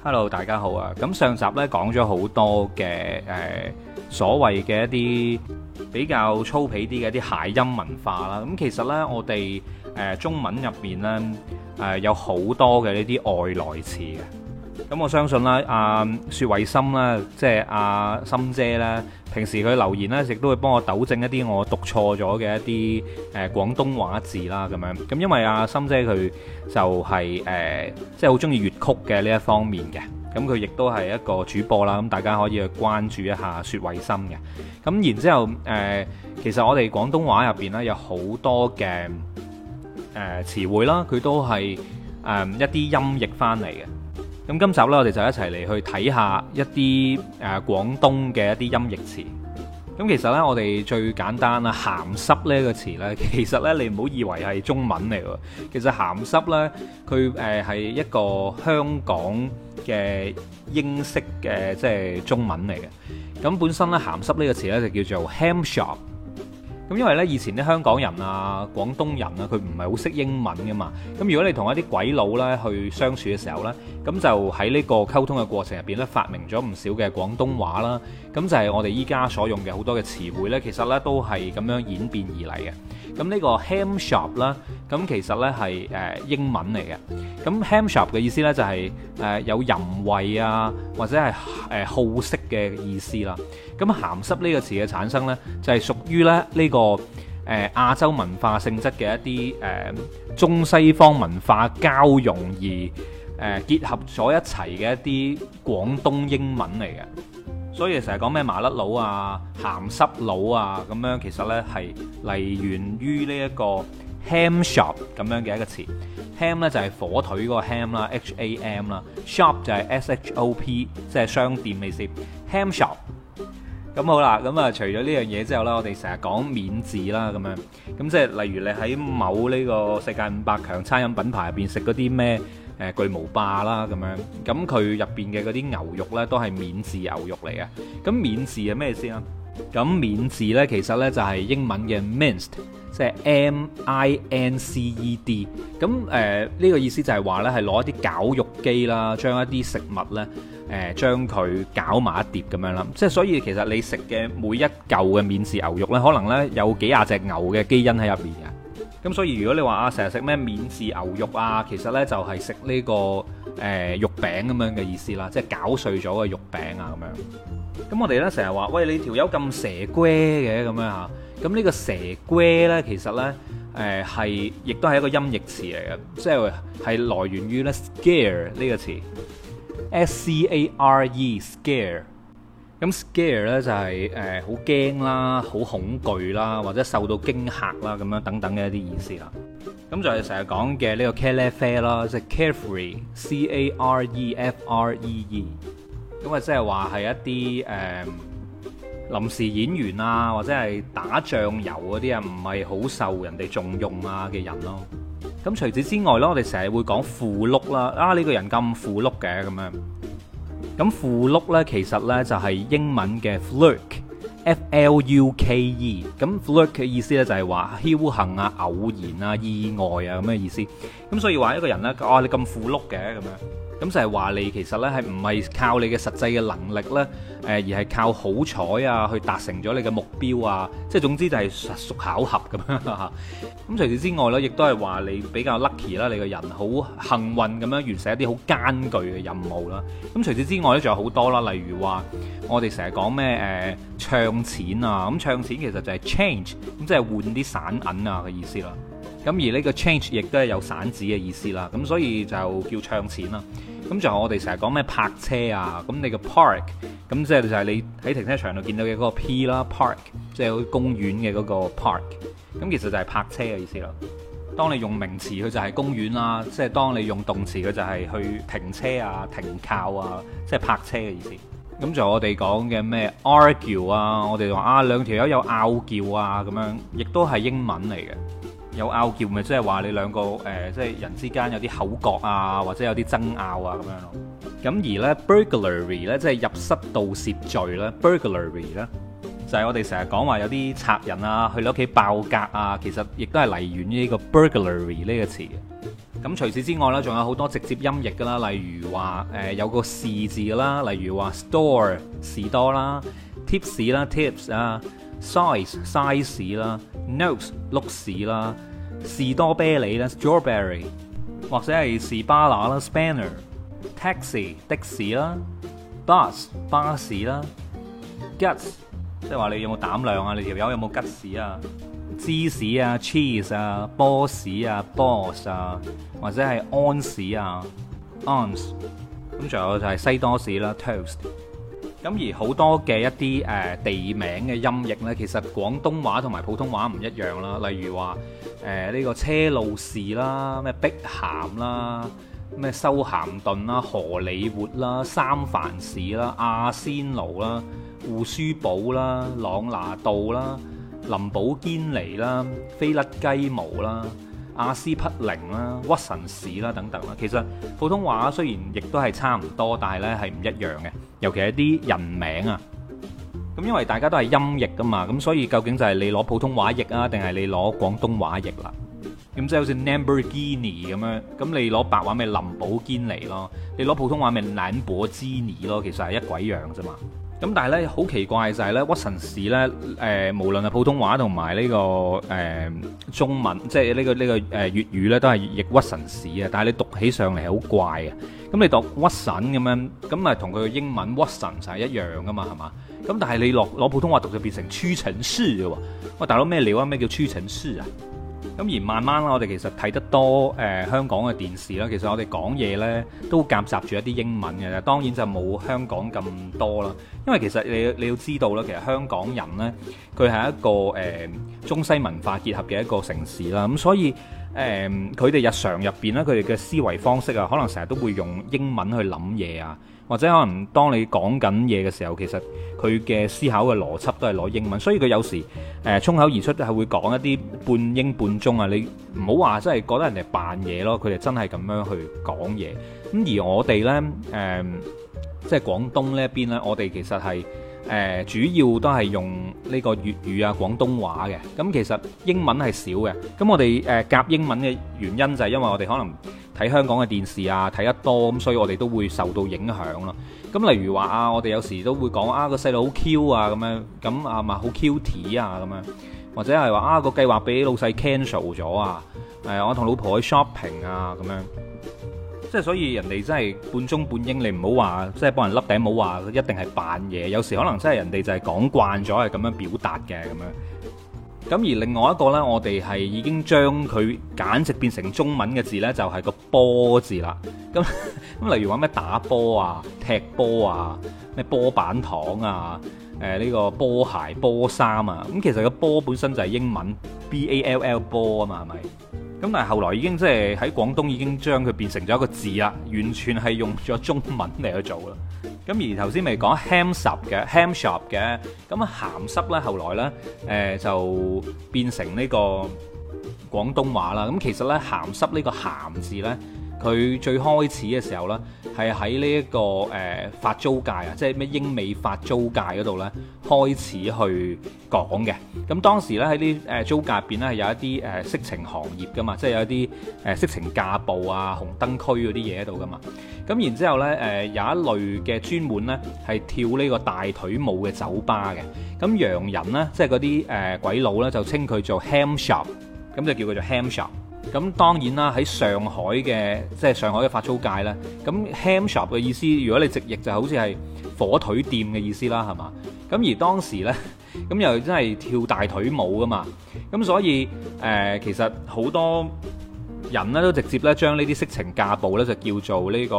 hello，大家好啊！咁上集呢講咗好多嘅誒、呃、所謂嘅一啲比較粗鄙啲嘅一啲諧音文化啦。咁其實呢，我哋誒、呃、中文入邊呢，誒、呃、有好多嘅呢啲外來詞嘅。咁我相信啦，阿薛慧心啦，即係阿心姐咧，平時佢留言咧，亦都會幫我糾正一啲我讀錯咗嘅一啲誒、呃、廣東話字啦，咁樣。咁因為阿、啊、心姐佢就係、是、誒、呃、即係好中意粵曲嘅呢一方面嘅。咁佢亦都係一個主播啦，咁大家可以去關注一下薛慧心嘅。咁、嗯、然之後誒、呃、其實我哋廣東話入邊咧，有好多嘅誒詞彙啦，佢都係誒、呃、一啲音譯翻嚟嘅。咁今集咧，我哋就一齊嚟去睇下一啲誒廣東嘅一啲音譯詞。咁其實咧，我哋最簡單啦，鹹濕呢個詞咧，其實咧，你唔好以為係中文嚟喎。其實鹹濕咧，佢誒係一個香港嘅英式嘅即係中文嚟嘅。咁本身咧，鹹濕呢個詞咧就叫做 ham shop。咁因為咧，以前咧香港人啊、廣東人啊佢唔係好識英文嘅嘛。咁如果你同一啲鬼佬咧去相處嘅時候咧，咁就喺呢個溝通嘅過程入邊咧，發明咗唔少嘅廣東話啦。咁就係我哋依家所用嘅好多嘅詞彙咧，其實咧都係咁樣演變而嚟嘅。咁呢個 ham shop 啦，咁其實咧係誒英文嚟嘅。咁 ham shop 嘅意思咧就係誒有淫穢啊，或者係誒好色。嘅意思啦，咁鹹濕呢個詞嘅產生呢，就係、是、屬於咧呢、這個誒、呃、亞洲文化性質嘅一啲誒、呃、中西方文化交融而誒、呃、結合咗一齊嘅一啲廣東英文嚟嘅，所以成日講咩麻甩佬啊、鹹濕佬啊咁樣，其實呢係嚟源於呢一個 ham shop 咁樣嘅一個詞，ham 呢就係、是、火腿嗰個 ham 啦，h a m 啦，shop 就係 s, s h o p，即係商店意思。Ham Shop 咁好啦，咁啊除咗呢樣嘢之後咧，我哋成日講免治啦，咁樣，咁即係例如你喺某呢個世界五百強餐飲品牌入邊食嗰啲咩誒巨無霸啦，咁樣，咁佢入邊嘅嗰啲牛肉呢，都係免治牛肉嚟嘅，咁免治係咩意思啊？咁免治呢，其實呢就係、是、英文嘅 minced，即係 minced，咁誒呢、呃這個意思就係話呢，係攞一啲絞肉機啦，將一啲食物呢。誒、嗯、將佢攪埋一碟咁樣啦，即係所以其實你食嘅每一嚿嘅免治牛肉呢，可能呢有幾廿隻牛嘅基因喺入面嘅。咁所以如果你話啊，成日食咩免治牛肉啊，其實呢就係食呢個誒、呃、肉餅咁樣嘅意思啦，即係攪碎咗個肉餅啊咁樣。咁我哋呢成日話，喂，你條友咁蛇窰嘅咁樣嚇，咁呢個蛇龜呢，其實呢，誒係亦都係一個音譯詞嚟嘅，即係係來源於呢「scare」呢個詞。S, S C A R E，scare，scare 咧就係誒，好驚啦，好、呃、恐懼啦，或者受到驚嚇啦，咁樣等等嘅一啲意思啦。咁就係成日講嘅呢個 carefree care 啦，即係 carefree，C A R E F R E E，咁啊即係話係一啲誒臨時演員啊，或者係打醬油嗰啲啊，唔係好受人哋重用啊嘅人咯。咁除此之外咧，我哋成日會講富碌啦，啊呢個人咁富碌嘅咁樣。咁富碌咧，其實咧就係英文嘅 fluke，F-L-U-K-E。咁 fluke 嘅意思咧就係話僥倖啊、偶然啊、意外啊咁嘅意思。咁所以話一個人咧，哇，啊，你咁富碌嘅咁樣。咁就係話你其實呢係唔係靠你嘅實際嘅能力呢，誒、呃、而係靠好彩啊，去達成咗你嘅目標啊！即係總之就係實屬巧合咁樣。咁除此之外呢，亦都係話你比較 lucky 啦，你個人好幸運咁樣完成一啲好艱巨嘅任務啦。咁除此之外呢，仲有好多啦，例如話我哋成日講咩誒唱錢啊，咁唱錢其實就係 change，咁即係換啲散銀啊嘅意思啦。咁而呢個 change 亦都係有散紙嘅意思啦，咁所以就叫唱錢啦。咁仲有我哋成日講咩泊車啊？咁你個 park 咁即係就係你喺停車場度見到嘅嗰個 p 啦，park 即係公園嘅嗰個 park。咁其實就係泊車嘅意思啦。當你用名詞，佢就係公園啦，即係當你用動詞，佢就係去停車啊、停靠啊，即係泊車嘅意思。咁仲有我哋講嘅咩 argue 啊？我哋話啊兩條友有拗撬啊，咁樣亦都係英文嚟嘅。有拗撬咪即係話你兩個誒、呃，即係人之間有啲口角啊，或者有啲爭拗啊咁樣咯。咁而呢 burglary 呢，即係入室盜竊罪啦 burglary 咧就係、是、我哋成日講話有啲賊人啊去你屋企爆格啊，其實亦都係嚟源於呢個 burglary 呢個詞嘅。咁除此之外咧，仲有好多直接音譯噶啦，例如話誒、呃、有個士字啦，例如話 store 士多啦，tips 啦 tips 啊，size size 啦，notes 碌士啦。士多啤梨啦，strawberry，或者係士巴拿啦，spanner，taxi 的士啦，bus 巴士啦，guts 即係話你有冇膽量啊？你條友有冇吉士啊？芝士啊，cheese 啊，波士啊，boss 啊，或者係安士啊，arms，咁仲有就係西多士啦，toast。To 咁而好多嘅一啲誒、呃、地名嘅音譯呢，其實廣東話同埋普通話唔一樣啦。例如話誒呢個車路士啦，咩碧咸啦，咩修咸頓啦，荷里活啦，三藩市啦，阿仙奴啦，胡舒堡啦，朗拿道啦，林寶堅尼啦，飛甩雞毛啦。阿司匹靈啦、屈臣氏啦等等啦，其實普通話雖然亦都係差唔多，但係呢係唔一樣嘅，尤其係啲人名啊。咁因為大家都係音譯噶嘛，咁所以究竟就係你攞普通話譯啊，定係你攞廣東話譯啦、啊？咁即係好似 Lamborghini 咁樣，咁你攞白話咪林寶堅尼咯，你攞普通話咪蘭博基尼咯，其實係一鬼樣啫嘛。咁、嗯、但係咧好奇怪就係咧屈臣氏咧誒無論係普通話同埋呢個誒、呃、中文即係呢、這個呢、這個誒粵語咧都係譯屈臣氏啊，但係你讀起上嚟好怪嘅。咁、嗯、你讀屈臣咁樣咁咪同佢嘅英文屈臣就係、是、一樣噶嘛係嘛？咁、嗯、但係你落攞普通話讀就變成屈臣氏喎。喂，大佬咩料啊？咩叫屈臣氏啊？咁而慢慢啦，我哋其實睇得多誒、呃、香港嘅電視啦，其實我哋講嘢呢都夾雜住一啲英文嘅，當然就冇香港咁多啦。因為其實你你要知道啦，其實香港人呢，佢係一個誒、呃、中西文化結合嘅一個城市啦，咁、呃、所以誒佢哋日常入邊呢，佢哋嘅思維方式啊，可能成日都會用英文去諗嘢啊。或者可能當你講緊嘢嘅時候，其實佢嘅思考嘅邏輯都係攞英文，所以佢有時誒衝、呃、口而出都係會講一啲半英半中啊！你唔好話真係覺得人哋扮嘢咯，佢哋真係咁樣去講嘢。咁而我哋呢，誒、呃，即係廣東呢一邊呢，我哋其實係。誒主要都係用呢個粵語啊、廣東話嘅，咁其實英文係少嘅。咁我哋誒夾英文嘅原因就係因為我哋可能睇香港嘅電視啊，睇得多，咁所以我哋都會受到影響咯。咁例如話啊，我哋有時都會講啊，個細路好 Q 啊咁樣，咁啊咪好 cute 啊咁樣，或者係話啊，個計劃俾老細 cancel 咗啊，誒我同老婆去 shopping 啊咁樣。即係所以人哋真係半中半英，你唔好話，即係幫人笠頂，唔好話一定係扮嘢。有時可能真係人哋就係講慣咗係咁樣表達嘅咁樣。咁而另外一個呢，我哋係已經將佢簡直變成中文嘅字呢，就係個波字啦。咁咁例如話咩打波啊、踢波啊、咩波板糖啊、誒呢個波鞋、波衫啊。咁其實個波本身就係英文 b a l l 波啊嘛，係咪？咁但係後來已經即係喺廣東已經將佢變成咗一個字啦，完全係用咗中文嚟去做啦。咁而頭先咪講 ham 濕嘅 ham shop 嘅，咁鹹濕呢，嗯、後來呢，誒、呃、就變成呢個廣東話啦。咁、嗯、其實呢鹹濕呢、呢個鹹字呢。佢最開始嘅時候呢，係喺呢一個誒法、呃、租界啊，即係咩英美法租界嗰度呢，開始去講嘅。咁當時呢，喺啲誒租界入邊呢，係有一啲誒色情行業噶嘛，即係有一啲誒色情架步啊、紅燈區嗰啲嘢喺度噶嘛。咁然之後呢，誒、呃、有一類嘅專門呢，係跳呢個大腿舞嘅酒吧嘅。咁洋人呢，即係嗰啲誒鬼佬呢，就稱佢做 ham shop，咁就叫佢做 ham shop。咁當然啦，喺上海嘅即係上海嘅法租界呢，咁 ham shop 嘅意思，如果你直譯就好似係火腿店嘅意思啦，係嘛？咁而當時呢，咁又真係跳大腿舞噶嘛？咁所以誒、呃，其實好多人呢都直接呢將呢啲色情架步呢，就叫做呢個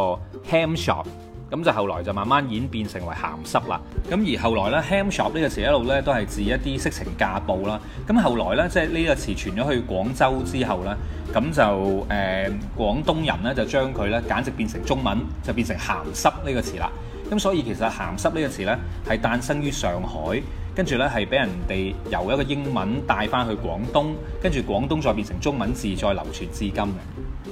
ham shop。咁就後來就慢慢演變成為鹹濕啦。咁而後來呢 ham shop 呢個詞一路呢都係指一啲色情架步啦。咁後來呢，即係呢個詞傳咗去廣州之後呢，咁就誒、呃、廣東人呢就將佢呢簡直變成中文，就變成鹹濕呢個詞啦。咁所以其實鹹濕呢個詞呢，係誕生於上海，跟住呢，係俾人哋由一個英文帶翻去廣東，跟住廣東再變成中文字再流傳至今嘅。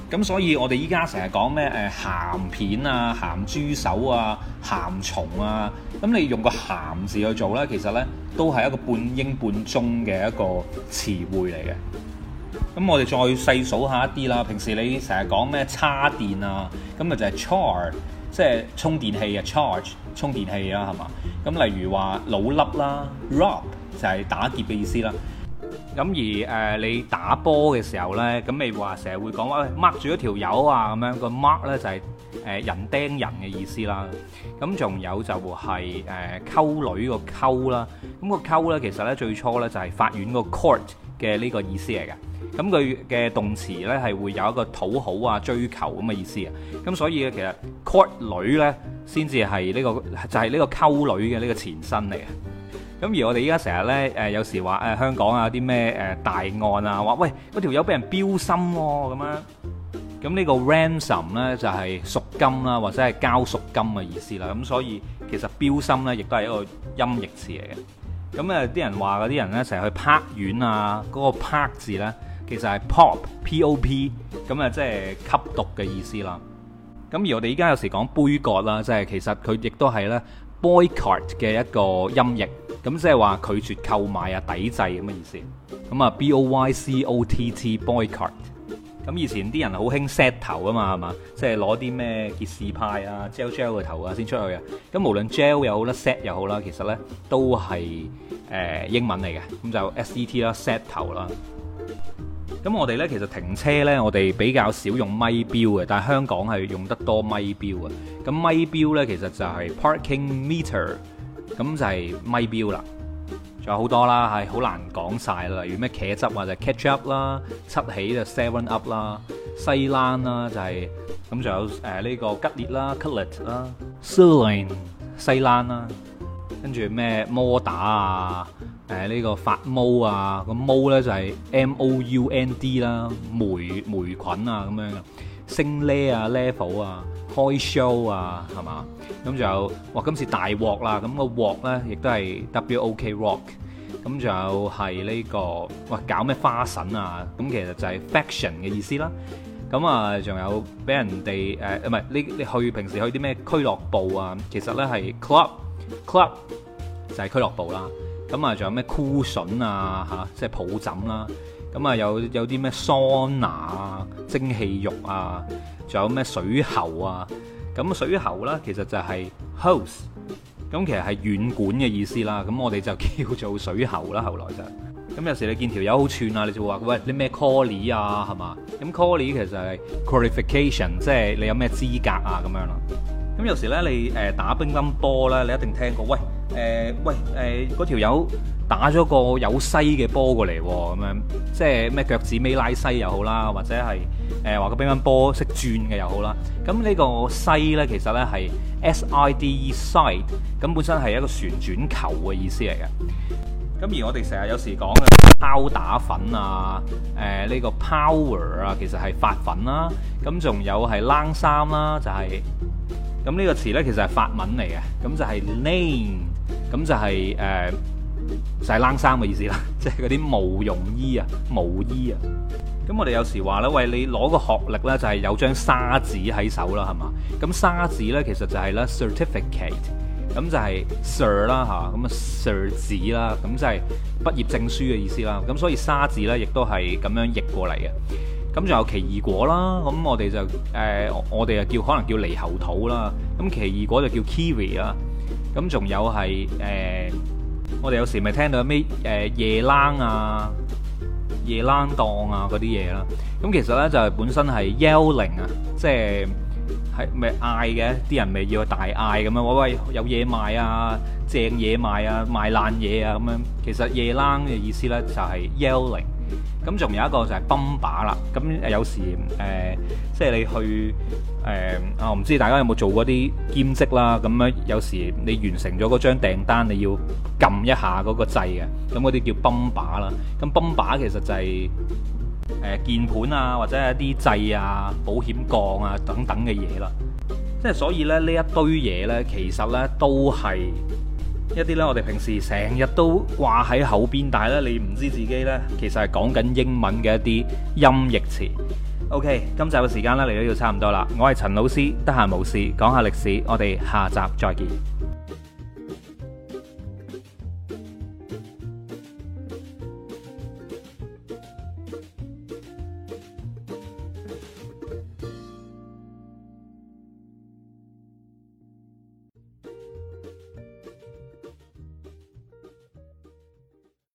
咁所以我哋依家成日講咩誒鹹片啊、鹹豬手啊、鹹蟲啊，咁你用個鹹字去做呢，其實呢，都係一個半英半中嘅一個詞彙嚟嘅。咁我哋再細數下一啲啦，平時你成日講咩叉電啊，咁咪就係 Charge。即係充電器啊，charge 充電器啦，係嘛？咁例如話老粒啦，rob 就係打劫嘅意思啦。咁而誒你打波嘅時候咧，咁你話成日會講話 mark 住一條友啊，咁樣個 mark 咧就係誒人釘人嘅意思啦。咁仲有就係誒溝女個溝啦。咁個溝咧其實咧最初咧就係、是、法院個 court 嘅呢個意思嚟嘅。咁佢嘅動詞呢，係會有一個討好啊、追求咁嘅意思啊，咁所以呢其實 court 女呢，先至係呢個就係、是、呢個溝女嘅呢、呢個前身嚟嘅。咁而我哋依家成日呢，誒有時話誒香港啊啲咩誒大案啊，話喂嗰條友俾人標參喎咁樣。咁呢個 ransom 呢，就係、是、贖金啦，或者係交贖金嘅意思啦。咁所以其實標參呢，亦都係一個音譯詞嚟嘅。咁啊啲人話嗰啲人呢，成日去 park 院啊，嗰、嗰個 park 字呢。其實係 pop，P-O-P，咁啊，o、P，即係吸毒嘅意思啦。咁而我哋依家有時講杯葛啦，即係其實佢亦都係咧 boycott 嘅一個音譯，咁即係話拒絕購買啊、抵制咁嘅意思。咁啊，B-O-Y-C-O-T-T，boycott。咁 boy 以前啲人好興 set 頭啊嘛，係嘛，即係攞啲咩傑士派啊、gel gel 個頭啊先出去啊。咁無論 gel 又好啦、set 又好啦，其實咧都係誒、呃、英文嚟嘅，咁就 set 啦、set、啊、頭啦。咁我哋咧，其實停車咧，我哋比較少用咪表嘅，但係香港係用得多咪表啊。咁咪表咧，其實就係 parking meter，咁就係咪表啦。仲有好多啦，係好難講晒啦。例如咩茄汁或者 ketchup 啦，七喜就 seven up 啦，西冷啦就係、是，咁仲有誒呢、呃這個吉列啦，cutlet 啦 sirloin 西冷啦，跟住咩摩打啊。誒呢個發毛啊，個毛咧就係 m o u n d 啦，黴黴菌啊咁樣嘅升叻 level 啊，開 show 啊，係嘛？咁仲有哇今次大鑊啦，咁個鑊咧亦都係 w o k rock，咁仲有係呢個哇搞咩花神啊？咁其實就係 faction 嘅意思啦。咁啊，仲有俾人哋誒唔係你你去平時去啲咩俱樂部啊？其實咧係 club club 就係俱樂部啦。咁啊，仲有咩 cushion 啊，嚇，即係抱枕啦。咁啊，有有啲咩桑拿啊，蒸汽浴啊，仲有咩水喉啊。咁水喉啦，其實就係 hose。咁其實係軟管嘅意思啦。咁我哋就叫做水喉啦、啊。後來就係。咁有時你見條友好串啊，你就會話喂，你咩 quali 啊，係嘛？咁 quali 其實係 qualification，即係你有咩資格啊咁樣咯。咁有時咧，你誒、呃、打乒乓波咧，你一定聽過，喂誒、呃、喂誒，嗰條友打咗個有西嘅波過嚟喎、哦，咁、嗯、樣即係咩腳趾尾拉西又好啦，或者係誒話個乒乓波識轉嘅又好啦。咁呢個西咧，其實咧係 S I D e side，咁本身係一個旋轉球嘅意思嚟嘅。咁而我哋成日有時講嘅拋打粉啊，誒、呃、呢、這個 power 啊，其實係發粉啦、啊。咁仲有係冷衫啦、啊，就係、是。咁呢個詞呢，其實係法文嚟嘅，咁就係 laine，咁就係、是、誒、呃、就係、是、冷衫嘅意思啦，即係嗰啲毛絨衣啊、毛衣啊。咁我哋有時話呢，喂，你攞個學歷呢，就係有張沙紙喺手啦，係嘛？咁沙紙呢，其實就係咧 certificate，咁就係 cert 啦吓，咁啊 cert 紙啦，咁就係畢業證書嘅意思啦。咁所以沙紙呢，亦都係咁樣譯過嚟嘅。咁仲有奇異果啦，咁我哋就誒、呃，我哋又叫可能叫獼猴桃啦，咁奇異果就叫 kiwi 啦。咁仲有係誒、呃，我哋有時咪聽到咩誒、呃、夜冷啊、夜冷檔啊嗰啲嘢啦，咁其實咧就係本身係 yelling 啊，即係係咪嗌嘅？啲人咪要大嗌咁樣，喂喂，有嘢賣啊，正嘢賣啊，賣爛嘢啊咁樣。其實夜冷嘅意思咧就係 yelling。咁仲有一個就係泵把啦，咁有時誒、呃，即係你去誒啊，唔、呃、知大家有冇做過啲兼職啦，咁咧有時你完成咗嗰張訂單，你要撳一下嗰個掣嘅，咁嗰啲叫泵把啦。咁泵把其實就係、是、誒、呃、鍵盤啊，或者係啲掣啊、保險槓啊等等嘅嘢啦。即係所以咧，呢一堆嘢呢，其實呢都係，一啲咧，我哋平時成日都掛喺口邊，但係咧，你唔知自己呢，其實係講緊英文嘅一啲音譯詞。OK，今集嘅時間呢，嚟到要差唔多啦，我係陳老師，得閒無事講下歷史，我哋下集再見。